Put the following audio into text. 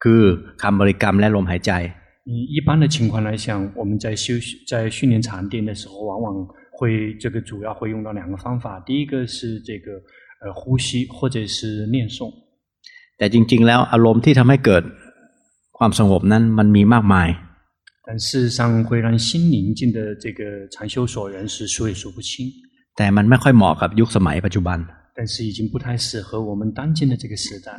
รรลล一般的情況來講，我們在修在訓練禪定的時候，往往會這個主要會用到兩個方法。第一個是這個，呃，呼吸，或者是念誦。但事實上，會讓心寧靜的這個禪修所人士數也數不清。但是已經不太適合我們當今的這個時代。